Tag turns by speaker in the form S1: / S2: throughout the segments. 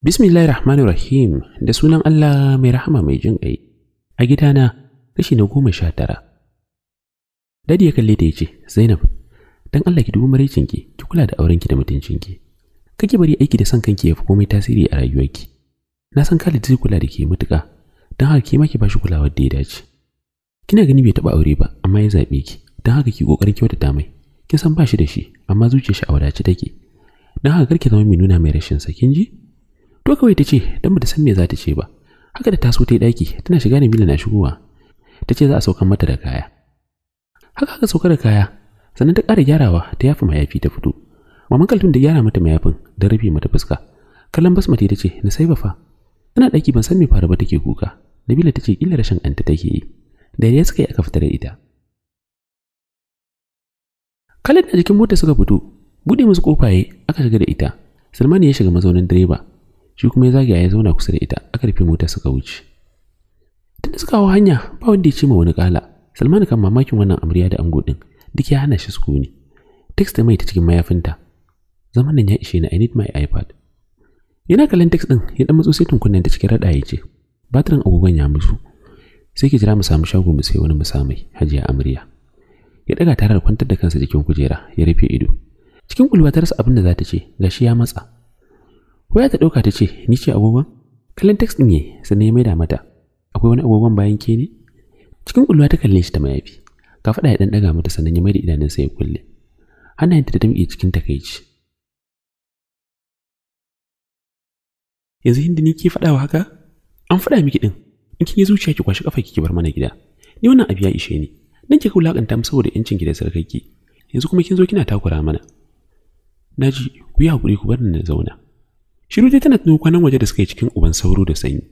S1: Bismillahir Rahmanir Rahim da sunan Allah mai rahama mai jin ƙai. A gidana kashi na goma sha tara. Dadi ya kalli da ya ce, Zainab, don Allah ki dubi maraicinki, ki kula da aurenki da mutuncinki. Kake bari aiki da son kanki ya fi komai tasiri a rayuwarki. Na san Khalid zai kula da ke mutuka, don haka ki ma ba shi kulawar da ya dace. kina gani bai taba aure ba amma ya zabe ki dan haka ki kokarin kyautata mai kin san ba shi da shi amma zuciyar shi a wadace take dan haka karki zama mai nuna mai rashin sa kin ji to kawai tace dan bata san me za ta ce ba haka da ta so ta yi daki tana shiga Nabila na shigowa tace za a saukan mata da kaya haka haka saukar da kaya sannan ta ƙara gyarawa ta yafa mayafi ta fito maman kaltun da gyara mata mayafin da rufe mata fuska kallon basmati ta ce na sai ba fa tana ɗaki ban san me fara ba take kuka nabila ta ce ƙila rashin anta take yi daidai suka yi aka fitar da ita Kalin da jikin motar suka fito buɗe musu kofaye aka shiga da ita Salman ya shiga mazaunin direba shi kuma ya zagaya ya zauna kusa da ita a rufe motar suka wuce da suka hawa hanya ba wanda ya ce ma wani kala Salman kan mamakin wannan amarya da ango ɗin duk ya hana shi sukuni text da mai ta cikin mayafinta zaman nan ya ishe na I need my iPad yana kallon text ɗin ya dan matso sai ta cikin raɗa ya ce batirin agogon ya musu sai ki jira mu samu shago mu sai wani mu musamai hajiya amarya ya daga tare da kwantar da kansa jikin kujera ya rufe ido cikin kulwa ta rasa abin da za ta ce gashi ya matsa waya ta dauka ta ce ni ce agogon kallon text din ne sannan ya maida mata akwai wani agogon bayan ke ne cikin kulwa ta kalle shi ta mayafi ka faɗa ya dan daga mata sannan ya maida idanunsa ya kulle hannayenta da ta miƙe cikin takaici yanzu hindi ni ke faɗawa haka an faɗa miki ɗin in kin yi zuciya ki kwashi kafar ki bar mana gida ni wannan abu ya ishe ni nan kika wulakanta mu saboda yancin ki da sarkaki yanzu kuma kin zo kina takura mana naji ku yi hakuri ku bar ni na zauna shiru dai tana tuno kwanan waje da suka yi cikin uban sauro da sanyi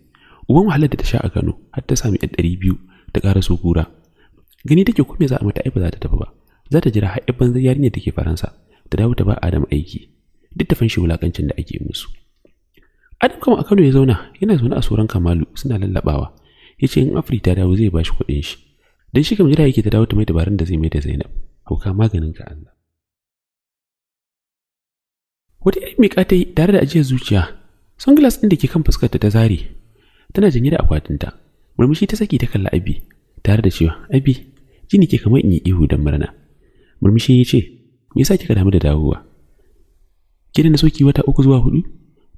S1: uban wahalar da ta sha a Kano har ta sami yan ɗari biyu ta ƙara so kura gani take ko me za a mata ai ba za ta tafi ba za ta jira har ibban yarinyar take faransa ta dawo ta ba Adam aiki duk ta fanshi wulakancin da ake musu Adam kuma a Kano ya zauna yana zaune a soran Kamalu suna lallabawa ya ce in afri ta dawo zai shi kuɗin shi don shi kam jira yake ta dawo ta mai dabarun da zai mai da zainab hauka maganin ka allah wata irin miƙa ta yi tare da ajiyar zuciya sunglass ɗin da ke kan fuskarta ta zari tana janye da akwatinta murmushi ta saki ta kalla abi tare da cewa abi jini ke kamar in yi ihu don murna murmushi ya ce me yasa kika damu da dawowa kina na soki wata uku zuwa hudu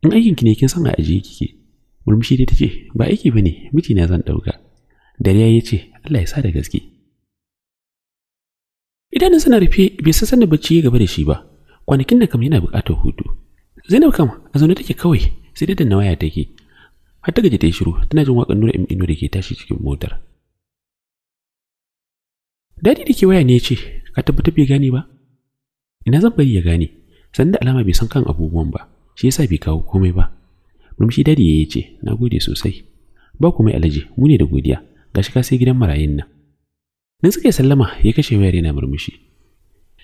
S1: in aikin ki ne kin san a ajiye kike murmushi dai tace ba aiki bane miji na zan ɗauka dariya ya ce Allah ya sa da gaske idanun suna rufe bai san sanda bacci ya gaba da shi ba kwanakin da kam yana bukatar hutu Zainab kam a zaune take kawai sai dai da waya take har ta gaji ta yi shiru tana jin wakan nura imino da ke tashi cikin motar dadi da ke waya ne ya ce ka tabbatar bai gane ba ina zan bari ya gane sanda alama bai san kan abubuwan ba shi yasa bai kawo komai ba Rumshi dadi ya ce, na gode sosai. Ba ku mai alaji, mu ne da godiya, gashi ka sai gidan marayun nan. Nan suka yi sallama ya kashe wayar yana murmushi.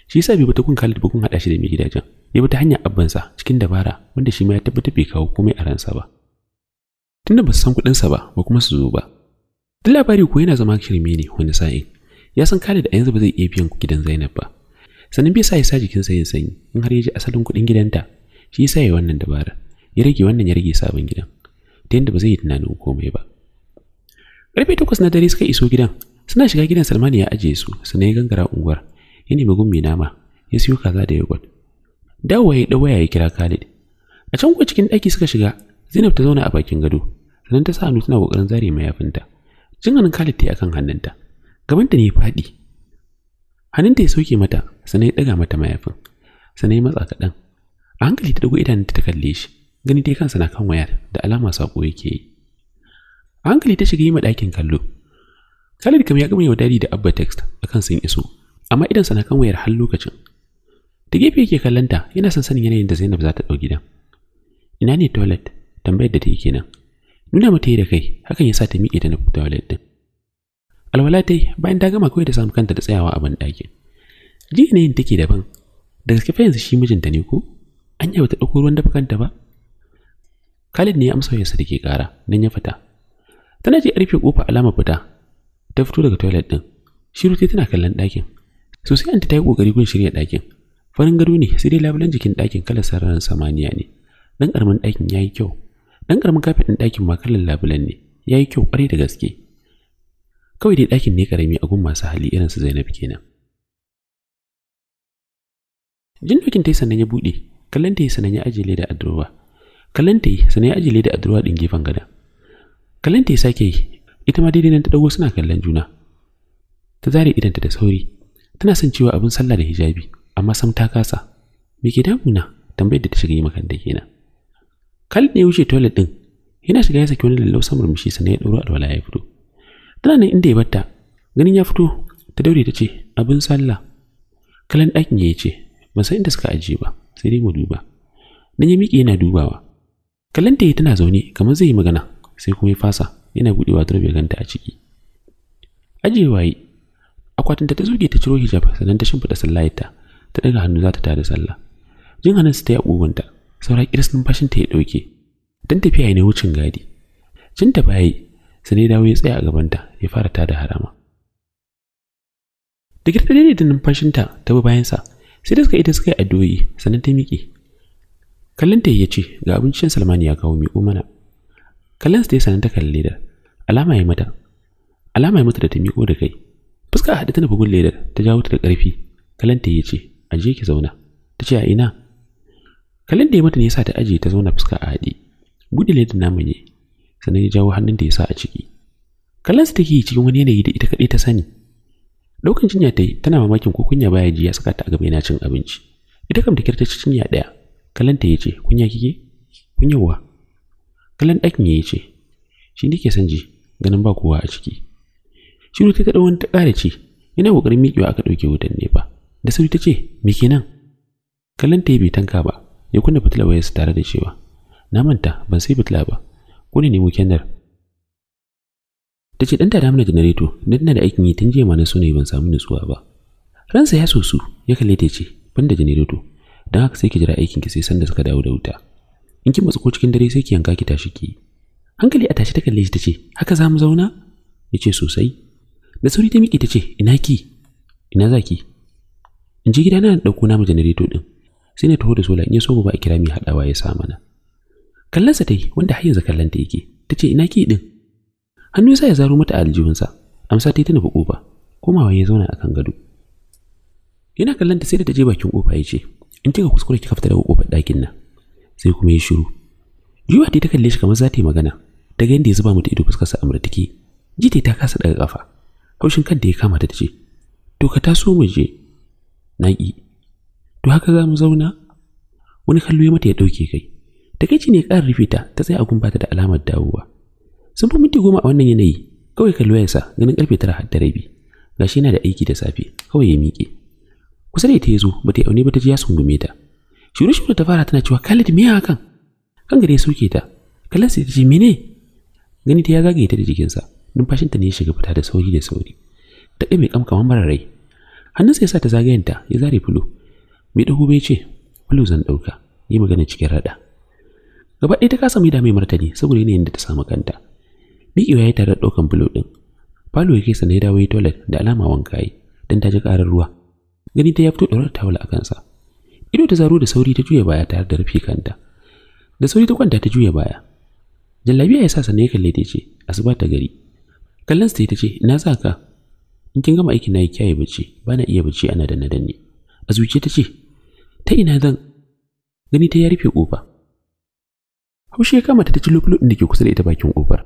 S1: Shi sa bai bata kun Khalid ba kun haɗa shi da mai gidajen. Ya ta hanyar abbansa cikin dabara wanda shi ma ya tabbata bai kawo komai a ransa ba. Tunda ba su san kuɗinsa ba, ba kuma su zo ba. Duk labari ko yana zama shirme ne wani sa'in. Ya san Khalid a yanzu ba zai iya biyan gidan Zainab ba. Sannan bai sa ya sa jikinsa yin sanyi in har ya ji asalin kuɗin gidanta. Shi sa ya yi wannan dabara. ya rage wannan ya rage sabon gidan ta yadda ba zai yi tunanin komai ba karfe takwas na dare suka iso gidan suna shiga gidan salman ya ajiye su suna ya gangara unguwar ya nemi gumi nama ya siyo kaza da yogurt dawowa ya ɗau waya ya kira khalid a can kuwa cikin daki suka shiga zainab ta zauna a bakin gado sannan ta sa hannu tana ƙoƙarin zare mayafinta jin hannun khalid ta yi akan hannunta gabanta ne faɗi hannunta ya sauke mata sannan ya ɗaga mata mayafin sannan ya matsa kaɗan a hankali ta dago idanunta ta kalle shi gani dai kansa na kan wayar da alama sako yake yi hankali ta shiga yi ma dakin kallo Khalid kam ya gama yau dadi da Abba text akan sun iso amma idan na kan wayar har lokacin da gefe yake kallanta yana son sanin yanayin da Zainab za ta ɗau gidan ina ne toilet tambayar da ta yi kenan nuna mata yi da kai hakan ya sa ta miƙe ta nufi toilet din alwala ta bayan ta gama kawai ta samu kanta da tsayawa a banɗakin ji yanayin take daban da gaske fa yanzu shi mijinta ne ko an yi bata ɗauko ruwan dafa kanta ba Khalid ne ya amsa wayarsa da ke kara nan ya fita. Tana ji a rufe ƙofa alamar fita. Ta fito daga toilet ɗin. Shiru tana kallon ɗakin. Sosai anta ta yi ƙoƙari gun shirya ɗakin. Farin gado ne sai dai labulen jikin ɗakin kala sararin samaniya ne. Dan ƙaramin ɗakin ya yi kyau. Dan ƙaramin kafin ɗin ɗakin ma kalar labulen ne. Ya yi kyau ƙwarai da gaske. Kawai dai ɗakin ne ƙarami a gun masu hali irin su Zainab kenan. Jin dokin ta yi sannan ya buɗe, kallon ta yi sannan ya ajiye leda a durowa. kalente ta yi sannan ya da addu'a din gefen gada kalente ta sake yi ita ma daidai nan ta dago suna kallon juna ta zare idanta da sauri tana son cewa abin sallah da hijabi amma sam ta kasa me ke damuna tambayar da ta shiga yi da kenan Khalid ne wuce toilet din yana shiga ya saki wani samur murmushi sana'i ya dauro alwala ya fito tana nan inda ya batta ganin ya fito ta daure ta ce abin sallah kalan ɗakin ya ce ban san inda suka ajiye ba sai dai mu duba dan ya miƙe yana dubawa kalanta tana zaune kamar zai yi magana sai kuma ya fasa yana buɗewa turbe ganta a ciki ajiye waye akwatinta ta zuge ta ciro hijab sannan ta shimfiɗa sallayarta ta ɗaga hannu za ta tada sallah jin su ta yi agogonta saura kiris ta ya ɗauke don tafiya ne wucin gadi cin ta bayi sai dawo ya tsaya a gabanta ya fara tada harama da girta daidaita numfashinta ta bi bayansa sai da suka ita suka yi addu'o'i sannan ta miƙe kallon ta ya ce ga abincin salmani ya kawo miƙo mana kallon ta yi sanin ta kalli da alama ya mata alama ya mata da ta miƙo da kai fuska haɗe ta nufi gun ledar ta jawo ta da ƙarfi kallon ta ya ce aje ki zauna ta ce a ina kallon da ya mata ne ya sa ta aje ta zauna fuska a haɗe buɗe ledar namu ne sannan ya jawo hannun da ya sa a ciki kallon take yi cikin wani yanayi da ita kaɗai ta sani ɗaukan jinya ta yi tana mamakin ko kunya baya ji ya saka ta a gaba yana cin abinci ita kam da ta ci cinya ɗaya kallanta ya ce kunya kike kunyawa kalan ɗakin ya ce shi ne ke son ji ganin ba kowa a ciki shi shiru ta kaɗa wani ta ƙara ce yana ƙoƙarin miƙewa aka ɗauke wutan ne ba da sauri ta ce me kenan kallon ta bai tanka ba ya kunna fitila wayarsa tare da cewa na manta ban sai fitila ba ko ne nemo kennar ta ce ɗan tada mana janareto dan tana da aikin yi tun jiya ma na ban samu nutsuwa ba ransa ya so ya kalle ta ce ban da janareto don haka sai ki jira aikin ki sai san da suka dawo da wuta in ki matsu cikin dare sai ki yanka ki tashi ki hankali a tashi ta kalle shi tace haka za mu zauna yace sosai da sauri ta miƙe tace ina ki ina za ki in ji gida na dauko namu janareto din sai na taho da sola in ya so ba a kira mai hadawa ya sa mana kallansa ta yi wanda har yanzu kallanta yake tace ina ki ɗin? hannu ya sa ya zaro mata aljihunsa amsa ta yi ta nufi kofa komawa ya zauna akan gado yana kallonta sai da ta je bakin kofa ya ce in kika kuskure kika fita daga kofar ɗakin nan sai kuma ya shiru Juwa ta kalle shi kamar za ta yi magana Daga ga yadda ya zuba mata ido fuskar sa amurtiki jita ta kasa daga kafa haushin kanta ya kama ta ce to ka taso mu je na to haka za mu zauna wani kallo ya mata ya ɗauke kai takaici ne ƙara rufe ta ta tsaya a bata da alamar dawowa sun fi minti goma a wannan yanayi kawai kallo ya sa ganin karfe tara har da rabi gashi yana da aiki da safe kawai ya miƙe kusa da ita ya zo ba ta aune ba ta ji ya sungume ta shiru shiru ta fara tana cewa Khalid me hakan kan gare soke ta kallon sai ta ce mene gani ta ya zagaye ta da jikinsa ta ne ya shiga fita da sauri da sauri ta ɗaya mai kam kamar mara rai hannunsa ya sa ta zagayenta ya zare fulo mai dago bai ce fulo zan ɗauka. yi magana cikin raɗa. gaba ɗaya ta kasa mai da mai martani saboda yanayin da ta samu kanta miƙewa ya tare da ɗaukan fulo ɗin falo ya kai sa ya toilet da alama wanka yi don ta ji ƙarar ruwa gani ta ya fito ɗaurar tawul a kansa ido ta zaro da sauri ta juya baya tare da rufe kanta da sauri ta kwanta ta juya baya jallabiya ya sa sannan ya kalle ta ce asuba ta gari kallon ta ta ce ina za ka in kin gama aikin nayi kiyaye bace ba na iya bace ana danne danne a zuciya ta ce ta ina zan gani ta ya rufe kofa haushi ya kama ta ta ci lulu da ke kusa da ita bakin kofar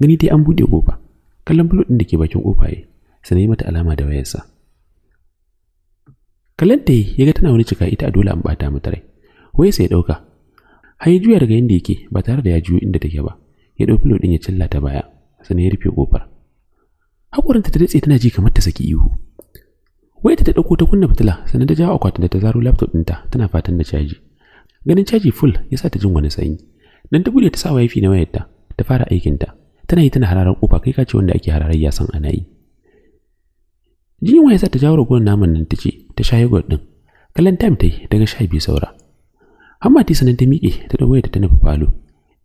S1: gani dai an bude kofa kallon bulu ɗin da ke bakin kofa ya sanai mata alama da wayarsa kallon ya ga tana wani cika ita a dole an bata mata rai wai sai ya ɗauka har ya juya daga inda yake ba tare da ya juyo inda take ba ya ɗau filo ya cilla ta baya sai ya rufe kofar haƙorinta ta datse tana ji kamar ta saki ihu wai ta ɗauko ta kunna fitila sannan ta jawo akwatin da ta zaro laptop ɗinta tana fatan da caji ganin caji full ya sa ta jin wani sanyi dan ta bude ta sa wifi na wayarta ta fara aikinta tana yi tana hararar kofa kai ka wanda ake hararar ya san ana yi Jiwa ya sa ta jawo ragowar naman nan ta ce ta sha yogurt ɗin. Kallon time ta yi daga sha biyu saura. Hamma ta sanan ta miƙe ta dawo ta ta falo.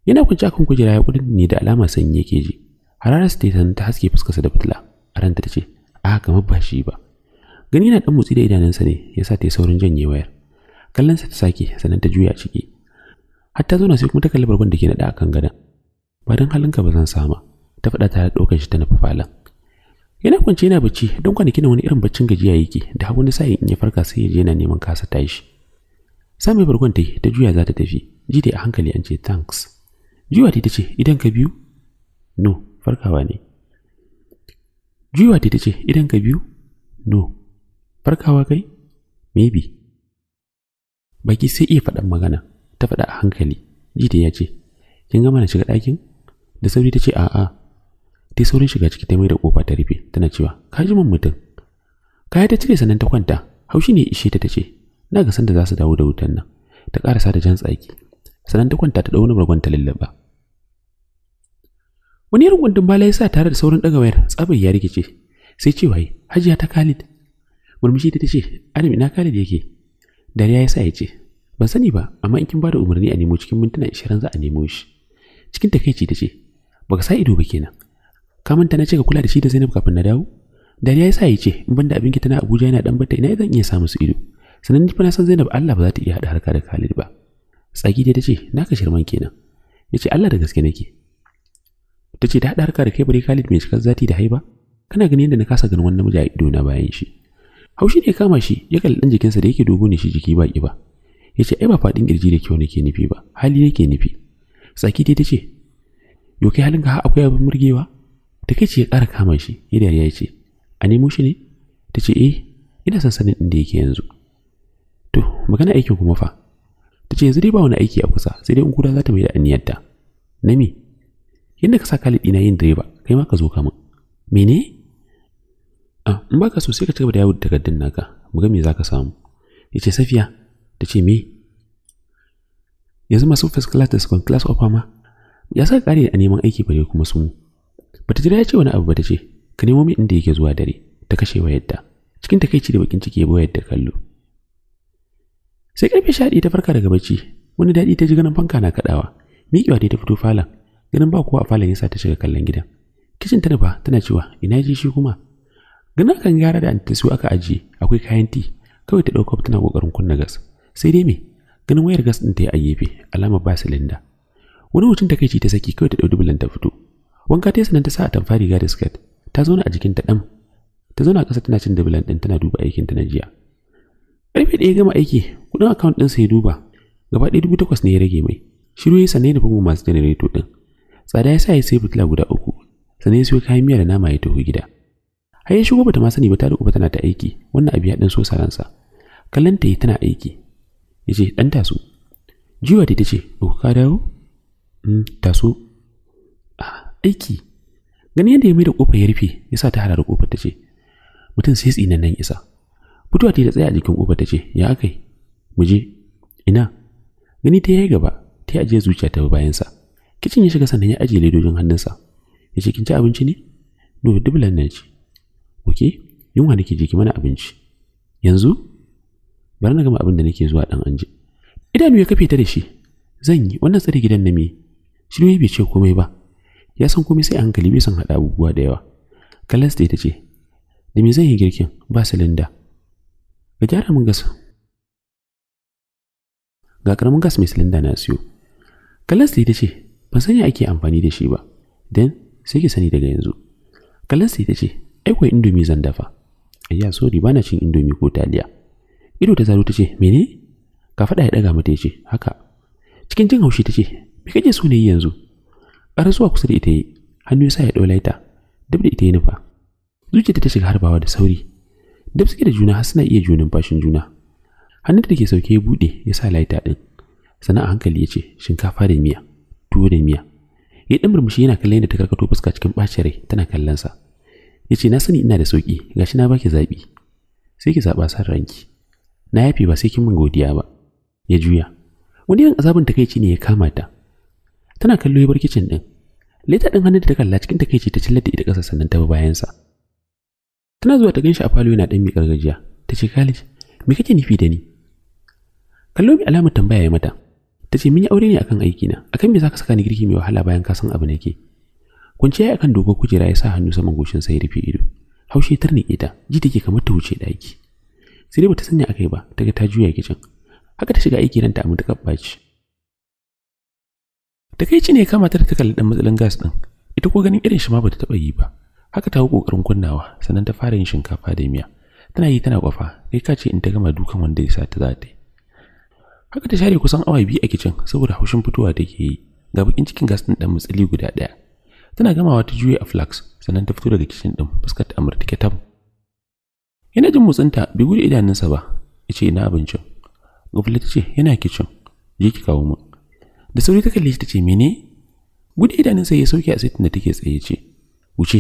S1: Yana kunci akan kujera ya kudin ne da alama sanyi yake ji. Hararar ta sanan ta haske fuskarsa da fitila. A ranta ta ce, "A kamar ba shi ba." Gani yana ɗan motsi da idanunsa ne ya sa ta yi saurin janye wayar. Kallonsa ta sake sanan ta juya ciki. ta zauna sai kuma ta kalli bargon da ke naɗa akan gadon. Ba don halinka ba zan sama. Ta faɗa ta ɗaukar shi ta nufa falon. yana kwance yana bacci don kwanaki na wani irin baccin gajiya yake da har wani sa'in in ya farka sai ya je yana neman kasa tashi sami bargon ta ta juya za ta tafi ji dai a hankali an ce thanks juyawa ta ce idan ka biyu no farkawa ne juyawa ta ce idan ka biyu no farkawa kai maybe baki sai iya faɗan magana ta faɗa a hankali jita ya ce kin gama na shiga ɗakin da sauri ta ce a'a ta saurin shiga ciki ta mai da kofa ta rufe tana cewa ka ji min mutum kaya ta cire sannan ta kwanta haushi ne ishe ta tace na ga sanda za su dawo da wutan nan ta karasa da jan tsaki sannan ta kwanta ta dauna bargon ta lallaba wani irin gundun bala ya sa tare da saurin daga wayar tsabar ya rikice sai cewa yi hajiya ta Khalid murmushi ta tace Adam ina Khalid yake dariya ya sa ya ce ban sani ba amma in kin ba da umarni a nemo cikin mintuna 20 za a nemo shi cikin takeici tace baka sa ido ba kenan ka manta na ce ka kula da shi da Zainab kafin na dawo dariya sa ya ce in banda abin tana Abuja yana dan bata ina zan iya samu su ido sanan ni fa na san Zainab Allah ba za ta iya hada harka da Khalid ba tsaki dai tace ka shirman kenan yace Allah da gaske nake tace ta hada harka da kai bari Khalid mai cikar zati da haiba kana ganin yadda na kasa ganin wannan namiji a ido na bayan shi haushi ne kama shi ya kalli dan jikinsa da yake dogo ne shi jiki ba ba yace ai ba faɗin kirji da kyau nake nufi ba hali nake nufi tsaki dai tace yo kai halin ka akwai abin murgewa da ce ya ƙara kama shi ya dariya ya ce a nemo shi ne ta ce eh ina son sanin inda yake yanzu to magana aikin kuma fa ta ce yanzu dai ba wani aiki a kusa sai dai in kuda za ta mai da aniyarta na me yadda ka sa Khalid ina yin direba kai ma ka zo kama mene a ah, in ba ka so sai ka cigaba da yawo da takardun naka mu ga me za ka samu ya ce safiya ta ce me yanzu masu first class da second class of ma ya sa kare a neman aiki bare kuma su bata jira ya ce wani abu ba ta ce ka nemo min inda yake zuwa dare ta kashe wayar da cikin takaici da bakin ciki ya bayar da kallo sai karfe sha ta farka daga bacci wani daɗi ta ji ganin fanka na kaɗawa miƙewa dai ta fito falon ganin ba kowa a falon yasa ta shiga kallon gidan kicin ta nufa tana cewa ina ji shi kuma ganin kan gyara da antasu aka ajiye akwai kayan ti kawai ta ɗauka tana ƙoƙarin kunna gas sai dai me ganin wayar gas ɗin ta yi a gefe alama ba silinda wani hutun takaici ta saki kawai ta ɗau dubulan ta fito wanka ta sanan ta sa atamfa riga da skirt ta zauna a jikin ta dan ta zauna kasa tana cin dabilan din tana duba aikin ta na jiya da ɗaya gama aiki kudin account din sai duba gaba ɗaya dubu takwas ne ya rage mai shiru ya sanai da fumu masu janareto din tsada ya sa ya sai fitila guda uku sanai ya siyo kayan miya da nama ya taho gida har ya shigo bata ma sani ba ta rubuta tana ta aiki wannan abu ya dan so saransa kallon ta yi tana aiki yace dan taso jiwa ta ce oh ka dawo mm, taso aiki gani yadda ya mai da kofar ya rufe ya sa ta halar kofar ta ce mutum sai tsinan nan isa fitowa ta yi da tsaya a jikin kofar ta ce ya akai mu je ina gani ta yi gaba ta yi ajiye zuciya ta bayan sa kicin ya shiga sannan ya ajiye ledojin hannunsa ya ce kin ci abinci ne no dubulan nan ce ok yunwa nake je ki mana abinci yanzu bari na gama abin da nake zuwa dan anje idanu ya kafe ta da shi zan yi wannan tsare gidan na me shi ne bai ce komai ba ya san komai sai hankali bai san haɗa abubuwa da yawa kallas ta ce da me zan yi girkin ba silinda ka gyara min gas ga karamin gas mai silinda na siyo kallas ta ce ban ya ake amfani da shi ba dan sai ki sani daga yanzu kallas ta ce ai indomi zan dafa ayya sorry bana cin indomi ko taliya ido ta zaro ta ce mene ka faɗa ya ɗaga mata ya ce haka cikin jin haushi ta ce me kake so ne yanzu a zuwa kusa da ita yi hannu ya sa ya ɗau laita dab da ita ya nufa zuciyarta ta shiga harbawa da sauri dab suke da juna har suna iya junan fashin juna hannun da ke sauke ya buɗe ya sa laita ɗin sana'a hankali ya ce shinkafa da miya tuwo da miya ya ɗan murmushi yana kallon yadda ta karkato fuska cikin ɓacin rai tana kallon sa ya ce na sani ina da sauƙi gashi na baki zaɓi sai ki zaɓa san ranki na yafe ba sai kin min godiya ba ya juya wani yan azabin takaici ne ya kama ta tana kallo bar kicin din leta din hannun da ta kalla cikin takeici ta cillar da ita ƙasa sannan ta bi bayansa tana zuwa ta ganshi a falo yana ɗan mi gargajiya. ta ce kalish me kake nufi da ni kallo mi alamar tambaya ya mata ta ce mun yi aure ne akan aiki na akan me zaka saka ni girki mai wahala bayan ka san abu nake kunciya ya akan dogo kujera ya sa hannu saman goshin sai ya rufe ido haushe tarni ta ji take kamar ta wuce daki sai dai bata sanya akai ba ta ga ta juya kicin haka ta shiga aiki nan ta kabbaci ci ne kama ta ta kalli dan matsalan gas din. Ita ko ganin irin shi ma bata taba yi ba. Haka ta kokarin kunnawa sannan ta fara yin shinkafa da miya. Tana yi tana kwafa, kai ka ce in ta gama dukan wanda ya sa ta za ta Haka ta share kusan awa biyu a kicin saboda haushin fitowa take yi. Ga bakin cikin gas din dan matsali guda daya. Tana gamawa ta juye a flax sannan ta fito daga kicin din fuskar ta amurtike tab. Yana jin motsinta bai gudu idanunsa ba. ce ina abincin. Gwamnati ce yana kicin. Je ki kawo mun. da sauri ta kalle shi ce mene gudu idanun sai ya sauke a sitin da take tsaye ce wuce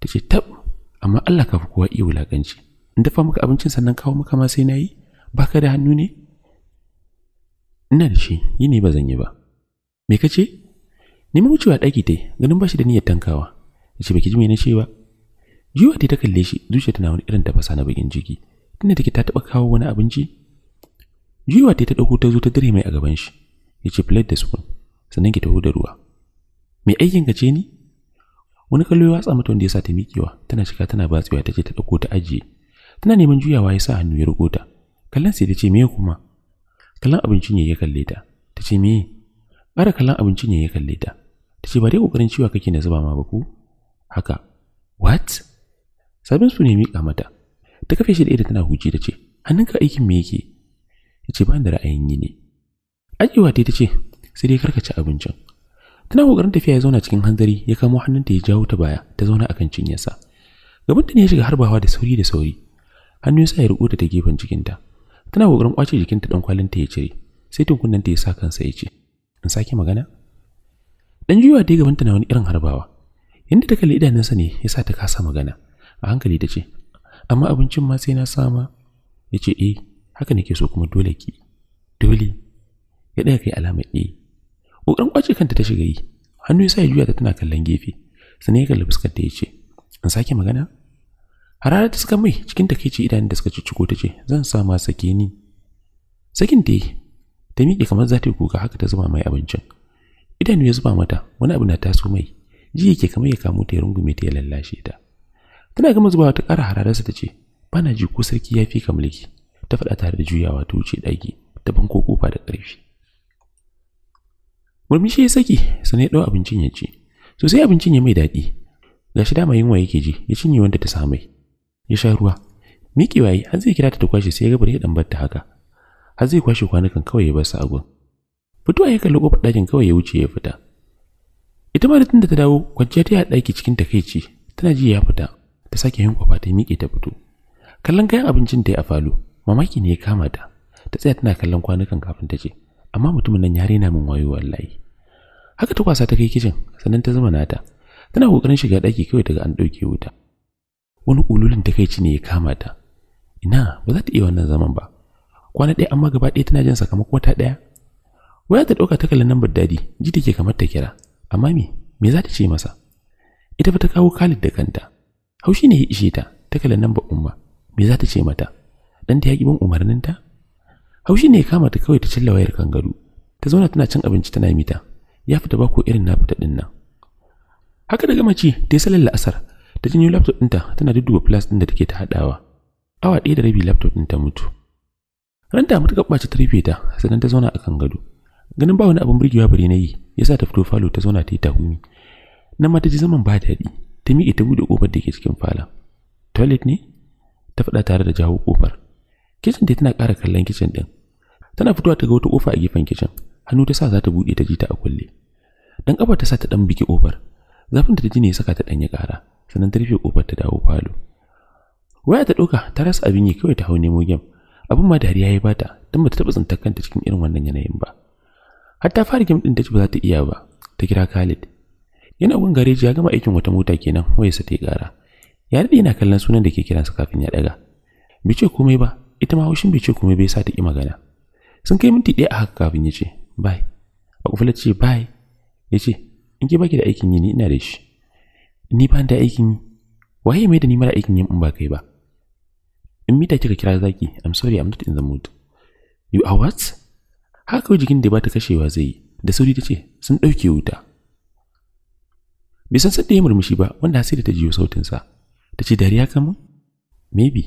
S1: ta ce tab amma Allah ka fi kowa iya wulakanci in dafa maka abincin sannan kawo maka ma sai nayi baka da hannu ne ina da shi yi ne ba zan yi ba me kace neman wucewa ɗaki yi ganin bashi da niyyar tankawa ce baki ji mai na ce ba jiwa ta kalle shi zuciya tana wani irin tafasa na bakin jiki tunda take ta taba kawo wani abinci jiwa ta dauko ta zo ta dire mai a gaban shi ya ce plate da spoon sannan ki taho da ruwa me aikin ka ce ni wani kallo ya watsa mata wanda ya sa ta miƙewa tana shiga tana batsewa ta ce ta ɗauko ta ajiye tana neman juyawa ya sa hannu ya riko ta kallon sai ta ce me kuma kallon abincin ya kalle ta ta ce me ƙara kallon abincin ya kalle ta ta ce ba dai kokarin cewa kake na zuba ma ba ku haka what sabin su ne miƙa mata ta kafe shi da ita tana huce ta ce hannunka aikin me yake ya ce ba da ra'ayin yi ne Ajiwa ta ce, sai dai karka ci abincin. Tana kokarin tafiya ya zauna cikin hanzari ya kamo hannunta ya jawo ta baya ta zauna akan cinyarsa. Gabanta ne ya shiga harbawa da sauri da sauri. Hannu ya sa ya rubuta ta gefen jikinta. Tana kokarin kwace jikinta dan kwalinta ya cire. Sai ta ya sa kansa ya ce, "In sake magana?" Dan juyawa ta gabanta na wani irin harbawa. Yanda ta kalli idanunsa ne ya sa ta kasa magana. A hankali ta ce, "Amma abincin ma sai na sama." Ya ce, "Eh, haka nake so kuma dole ki." Dole. ya ɗaya kai alamar e ƙoƙarin ƙwace kanta ta shiga yi e. hannu ya sa ya juya ta tana kallon gefe sannan ya kalli fuskar ta ya ce in sake magana hararar ta suka mai cikin ce idanun da suka cicciko ta ce zan sa ma sake ni sakin ta yi ta miƙe kamar za ta yi kuka haka ta zuba mai abincin idanu ya zuba mata wani abu na taso mai ji yake kamar ya kamo ta ya rungume ta ya lallashe ta tana gama zubawa ta ƙara hararsa ta ce bana ji ko sarki ya fi ka mulki ta faɗa tare da juyawa ta wuce ɗaki murmushi ya saki sani ya ɗau abincin ya ci sosai abincin ya mai daɗi ga shi dama yunwa yake ji ya cinye wanda ta samai ya sha ruwa miki waye har zai kira ta ta kwashe sai ya gabar ya ɗan ta haka har zai kwashe kwanukan kawai ya bar su a gun fitowa ya kalli kofar ɗakin kawai ya wuce ya fita ita ma da tun ta dawo kwanciya ta yi ɗaki cikin takaici tana ji ya fita ta sake yin kwafa ta miƙe ta fito kallon kayan abincin da ya a falo mamaki ne ya kama ta ta tsaya tana kallon kwanukan kafin ta ce amma mutumin nan yare na min wayo wallahi haka ta kwasa ta kai kicin sannan ta zama nata tana kokarin shiga daki kawai daga an dauke wuta wani ululin ci ne ya kama ta ina ba za ta iya wannan zaman ba kwana ɗaya amma gaba ɗaya tana jin sakamako wata ɗaya waya ta ɗauka ta kalli lambar dadi ji take kamar ta kira amma me me za ta ce masa ita ba ta kawo Khalid da kanta haushi ne ya ishe ta ta kalli lambar umma me za ta ce mata dan ta yaƙi bin ta haushi ne kama ta kawai ta cilla wayar kan gado ta zauna tana cin abinci tana mita ya fita ba ko irin na fita din nan haka da gama ci ta yi salon la'asar ta janyo laptop ɗinta tana dudduba plus ɗin da take ta haɗawa awa ɗaya da rabi laptop ɗin ta mutu ranta matuƙar ɓaci ta rufe ta sannan ta zauna a gado ganin ba wani abin burgewa bari na yi ya sa ta fito falo ta zauna ta yi takumi nan ma ta ji zaman ba daɗi ta miƙe ta buɗe ƙofar da ke cikin falon toilet ne ta faɗa tare da jawo ƙofar kicin dai tana ƙara kallon kicin ɗin tana fitowa daga wata kofa a gefen kicin hannu ta sa za ta buɗe ta ji ta a kulle dan kafa ta sa ta dan biki kofar zafin da ta ji ne ya saka ta ya ƙara sannan ta rufe kofar ta dawo falo waya ta ɗauka ta rasa abin yi kawai ta hau nemo game abin ma dariya ya bata don ba ta taba tsintar kanta cikin irin wannan yanayin ba har ta fara game din ta ci ba za ta iya ba ta kira Khalid yana gun gareji ya gama aikin wata mota kenan sa ta yi kara. ya daɗe yana kallon sunan da ke kiransa kafin ya ɗaga bai ce komai ba ita ma haushin bai komai bai sa ta ƙi magana sun kai minti ɗaya a haka kafin ya ce bai a kufula ce bai ya ce in ki baki da aikin yi ni ina da shi ni ba da aikin yi waye mai da ni mara aikin yi in ba kai ba in mita kika kira zaki i'm sorry i'm not in the mood you are what haka kawai jikin da ba ta kashewa zai yi da sauri ta ce sun ɗauke wuta bai san sadda ya murmushi ba wanda hasira ta jiyo sautinsa ta ce dariya kama maybe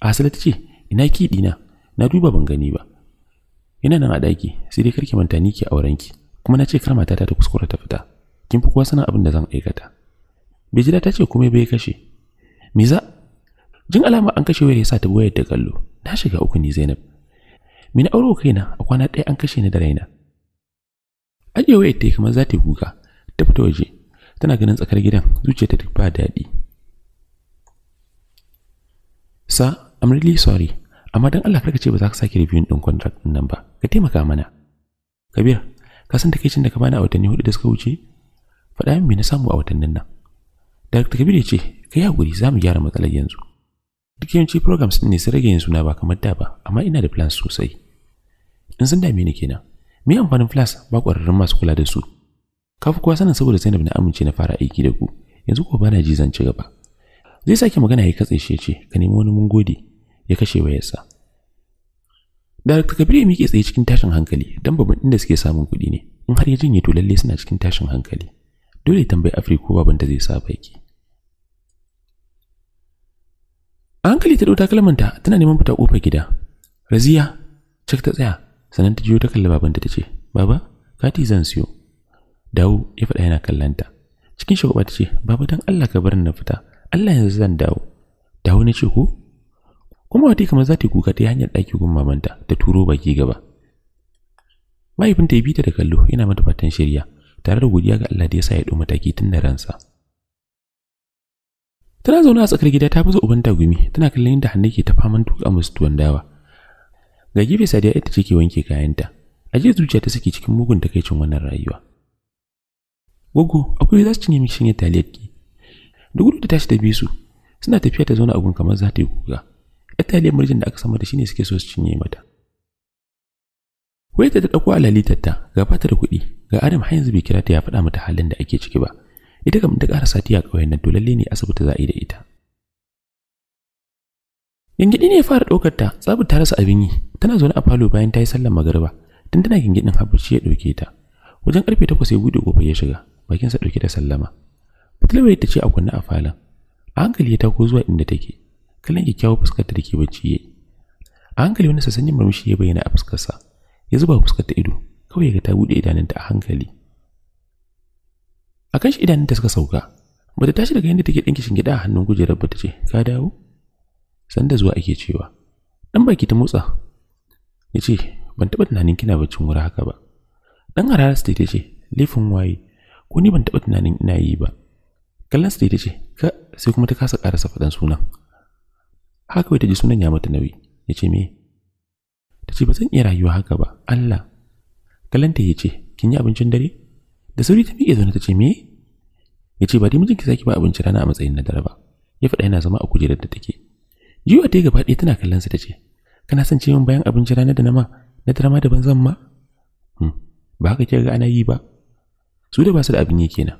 S1: hasila ta ce ina kiɗina na duba ban gani ba ina nan a daki sai dai karki manta ni ke auren ki kuma na ce kar mata ta kuskura ta fita kin fi kowa sanin abin da zan aikata bijira ta ce kuma bai kashe me za jin alama an kashe wayar yasa ta wayar da kallo na shiga uku ni Zainab mina auro kaina a kwana ɗaya an kashe ni da raina ajiye wayar ta kamar za ta kuka ta fita waje tana ganin tsakar gidan zuciyarta ta ba daɗi sa I'm really sorry amma dan Allah karka ce ba za ka sake reviewing din contract din nan ba ka taimaka mana Kabir ka san takeicin da ka bani a watanni hudu da suka wuce faɗa min na samu a watannin nan Dr. Kabir ya ce ka yi hakuri za mu gyara matsalar yanzu duk yawanci programs din ne sun rage yin suna ba kamar da ba amma ina da plans sosai in sun dame ni kenan me amfanin plans ba kwararrun masu kula da su kafi kowa sanin saboda Zainab na amince na fara aiki da ku yanzu ko bana ji zan ci gaba zai sake magana ya katse shi ce ka nemi wani mun gode ya kashe wayarsa Darakta Kabiru ya miƙe tsaye cikin tashin hankali don babban inda suke samun kuɗi ne in har ya jin to lalle suna cikin tashin hankali dole tambayi Afri ko babanta zai sa baki A hankali ta ɗau takalmanta tana neman fita ƙofar gida Raziya cik ta tsaya sannan ta jiyo ta kalli babanta ta ce baba kati zan siyo dawo ya faɗa yana kallanta cikin shagwaba ta ce baba don Allah ka bar na fita Allah yanzu zan dawo dawo na ce ko kuma wata kamar za ta kuka ta hanyar ɗaki gun mamanta ta turo baki gaba mahaifinta ya bi ta da kallo yana mata fatan shirya tare da godiya ga Allah da ya sa ya ɗau mataki tun da ransa tana zaune a tsakar gida ta baza uban gumi tana kallon yadda hannu ke ta faman tuka musu tuwon dawa ga gefe sadiya ita ce ke wanke kayanta a jiya zuciya ta saki cikin mugun takaicin wannan rayuwa Gogo, akwai za su cinye mishin ya taliyar ki. Da gudu da tashi da bisu, suna tafiya ta zauna a gun kamar za ta yi kuka. ‘yar taliyar da aka samu da shi ne suke so su cinye mata. wai ta ta ɗauko alalitarta ga fata da kuɗi ga Adam har yanzu bai kira ta ya faɗa mata halin da ake ciki ba. Ita kam ta ƙara sati a ƙauyen nan to lalle ne asibiti za a yi da ita. gingiɗi ne ya fara ɗaukar ta tsabar ta rasa abin yi tana zaune a falo bayan ta yi sallar magariba tun tana gingidin habbaci ya ɗauke ta. Wajen ƙarfe takwas ya buɗe ƙofar ya shiga bakinsa ɗauke da sallama. Fitilar ta ce a kunne a falon a hankali ya tako zuwa inda take kallon kyakkyawar fuskar ta dake bacci yayi a hankali wani sassanin murmushi ya bayyana a fuskarsa ya zuba fuskar ta ido kawai ga ta bude idanunta a hankali a kan shi idanunta suka sauka bata tashi daga yadda take ɗinki shingida a hannun kujerar ba ta ce ka dawo san da zuwa ake cewa dan baki ta motsa ya ce ban taɓa tunanin kina baccin wuri haka ba dan harara su ta ce laifin waye ko ni ban taɓa tunanin ina yi ba kallon su ta ce ka sai kuma ta kasa ƙarasa faɗan sunan haka wai ta ji sunan ya mata nauyi ya ce me ta ce ba zan iya rayuwa haka ba Allah kalanta ya ce kin yi abincin dare da sauri ta miƙe zaune ta ce me ya ce ba dai mijinki zaki ba abinci rana a matsayin na dare ba ya faɗa yana zama a kujerar da take jiwa ta yi gaba ɗaya tana kallon sa ta ce kana son ce min bayan abinci rana da nama na dare ma da ban zan ma hmm, ba haka kika ga ana yi ba su da ba su da abin yi kenan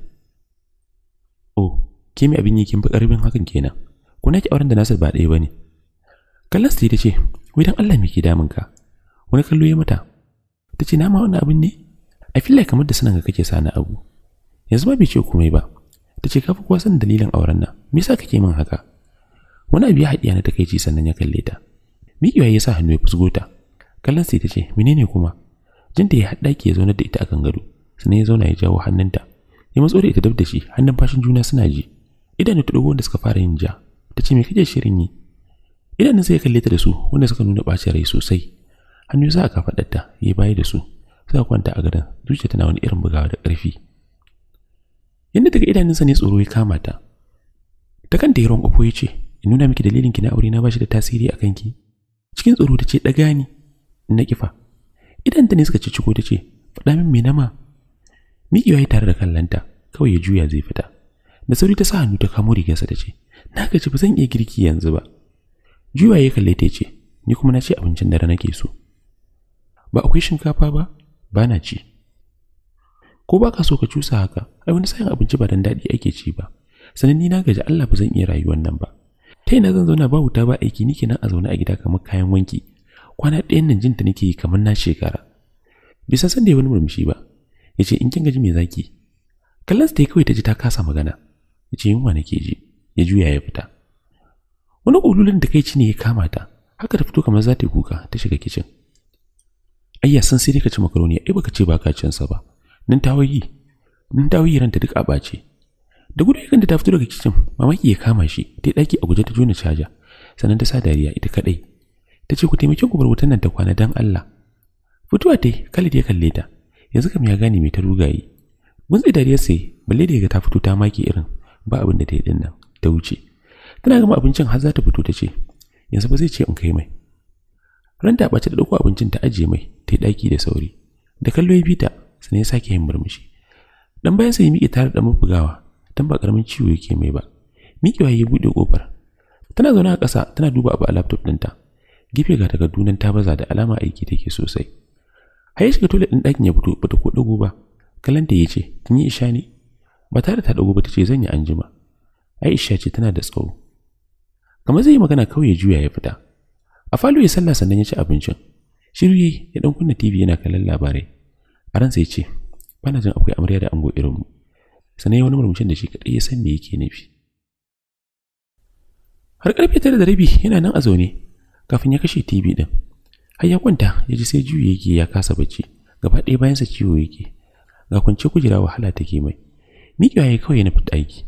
S1: oh ke mai abin yi kin fi ƙarfin hakan kenan kuna ki auren da Nasir ba ɗaya bane Kallon ta ce, "Wai dan Allah me ke damun ka?" Wani kallo ya mata. Ta ce, "Na ma wani abin ne?" A filla kamar da sanin ka kake sani abu. Yanzu ba bai ce komai ba. Ta ce, "Ka fi kowa sanin dalilin auren nan. Me yasa kake min haka?" Wani abu ya haɗiya na takaici sannan ya kalle ta. Mikiwa ya sa hannu ya fusgo ta. Kallon yi ta ce, "Menene kuma?" jin da ya haɗa ki ya zaunar da ita akan gado. Sannan ya zauna ya jawo hannunta. Ya matso da ita dab da shi, hannun fashin juna suna ji. Idanu ta dogo wanda suka fara yin ja. Ta ce, "Me kake shirin yi?" idanun sai ya kalle ta da su wanda suka nuna ɓacin rai sosai hannu za a kafaɗar ta ya bayi da su suka kwanta a gadon zuciya tana wani irin bugawa da ƙarfi yadda daga idanunsa ne tsoro ya kama ta ta kanta ya ƙofo ya ce in nuna miki dalilin ki na aure na bashi da tasiri a kanki cikin tsoro ta ce ɗaga ni na kifa idan ta ne suka cicciko ta ce faɗa min me nama miƙewa ya tare da kallanta kawai ya juya zai fita da sauri ta sa hannu ta kamo rigarsa ta ce na gaji ba zan iya girki yanzu ba Juwa ya kalle ta ce, Ni kuma na ce abincin dare nake so. Ba akwai shinkafa ba, ba na ci. Ko ba ka so ka cusa haka, ai wani sayan abinci ba dan daɗi ake ci ba. Sannan ni na gaji Allah ba zan iya rayuwar nan ba. Ta ina zan zauna ba wuta ba aiki ni nan a zaune a gida kamar kayan wanki. Kwana ɗayan nan jinta nake yi kamar na shekara. Bisa san da wani murmushi ba. Ya ce in kin gaji me zaki? Kallon ta yi kawai ta ji ta kasa magana. Ya ce yunwa nake ji. Ya juya ya fita. wani ƙululin da kai ci ne ya kama ta haka ta fito kamar za ta yi kuka ta shiga kicin ayya san sai ka ci makaroni ai baka ce baka cin sa ba nan tawayi nan tawayi ranta duk a bace da gudu yakan ta fito daga kicin mamaki ya kama shi ta yi daki a guje ta juna caja sannan ta sa dariya ita kadai. ta ce ku taimake ku bar wutan nan ta kwana dan Allah fituwa ta Khalid ya kalle ta yanzu kam ya gane me ta rugaye gunzi dariya sai balle da ya ga ta fito ta maki irin ba abin da ta yi dinnan ta wuce tana gama abincin har za ta fito ta ce yanzu ba zai ce in kai mai ran ta da ɗauko abincin ta ajiye mai ta yi ɗaki da sauri da kallo ya bi ta ya sake yin murmushi dan bayan sai ya miƙe tare da mabugawa dan ba karamin ciwo yake mai ba miƙewa ya buɗe kofar tana zaune a ƙasa tana duba abu a laptop ɗinta gefe ga daga dunan ta baza da alama aiki take sosai ya shiga tole ɗin ɗakin ya fito ba ta ko ɗago ba kalanta ya ce kin yi isha ne ba tare ta ɗago ba ta ce zan yi anjima aisha ce tana da tsawo kamar zai yi magana kawai ya juya ya fita a falo ya sallah sannan ya ci abincin shiru ya dan kunna tv yana kallon labarai a ransa ya ce bana jin akwai amarya da ango irin mu sannan ya wani murmushin da shi kadai ya san me yake nufi har karfe tare da rabi yana nan a zaune kafin ya kashe tv din har ya kwanta ya ji sai juyi yake ya kasa bacci gaba ɗaya bayan sa ciwo yake ga kwance kujera wahala take mai miƙewa ya kawai na fita aiki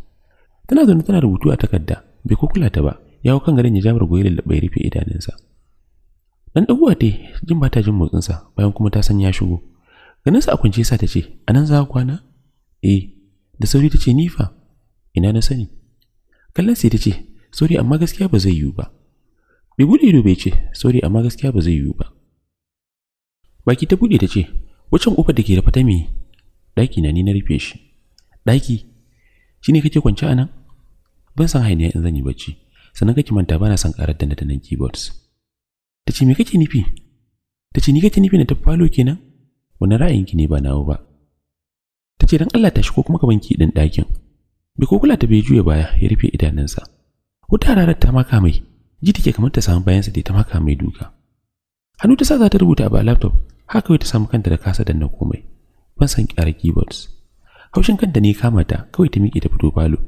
S1: tana zaune tana rubutu a takarda bai ko kula ta ba ya hau kan garin ya jabar goyi da ya rufe idanunsa dan ɗaguwa dai jin ba ta jin motsinsa bayan kuma ta san ya shigo ganinsa a kwance sa ta ce a nan za ku kwana eh da sauri ta ce ni fa ina na sani kallon sai ta ce sauri amma gaskiya ba zai yiwu ba bai buɗe ido bai ce sauri amma gaskiya ba zai yiwu ba baki ta buɗe ta ce wacan dake da ke da fata me ɗaki na ni na rufe shi ɗaki shi ne kake kwance a nan ban san hainiya in zan yi bacci sannan kake manta bana son karar da nan keyboards ta ce me kake nufi ta ce ni kake nufi na tafi falo kenan wani ra'ayinki ne ba nawo ba ta ce don Allah tashi ko kuma ka banki din dakin. bai ko kula ta bai juya baya ya rufe idanunsa wata rarar ta maka mai ji take kamar ta samu bayansa da ta maka mai duka hannu ta sa za ta rubuta a laptop haka kawai ta samu kanta da kasa danna komai ban san kyara keyboards haushin kanta ne kama ta kawai ta miƙe ta fito falo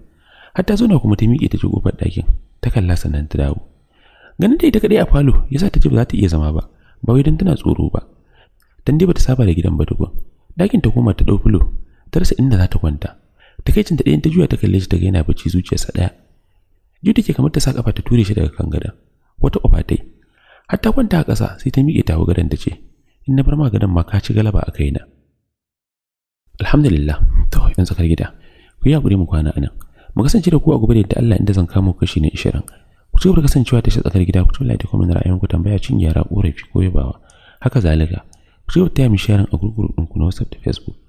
S1: har ta zauna kuma ta miƙe ta ci kofar ɗakin ta kalla sannan ta dawo ganin da ita kadai a falo yasa ta ji ba za ta iya zama ba ba wai don tana tsoro ba dan dai bata saba da gidan ba tukun dakin ta koma ta dau filo ta rasa inda za ta kwanta takeicin ta ɗayan ta juya ta kalle shi ta ga yana bacci zuciyarsa ɗaya ju take kamar ta sa kafa ta ture shi daga kan gadon wata ƙofa tai har ta kwanta a ƙasa sai ta miƙe tawo gadon ta ce in na bar ma gadon ma ka ci galaba a kaina alhamdulillah to yanzu kar gida ku yi hakuri mu kwana nan. mu kasance da ku a gobe da yadda Allah inda zan kamo kashi na 20 ku ci gaba da kasancewa ta tsakar gida ku tula da komai ra'ayin ku tambaya cin gyara korafi ko yabawa haka zalika ku ci gaba da taya sharing a gurgurun ku na WhatsApp da Facebook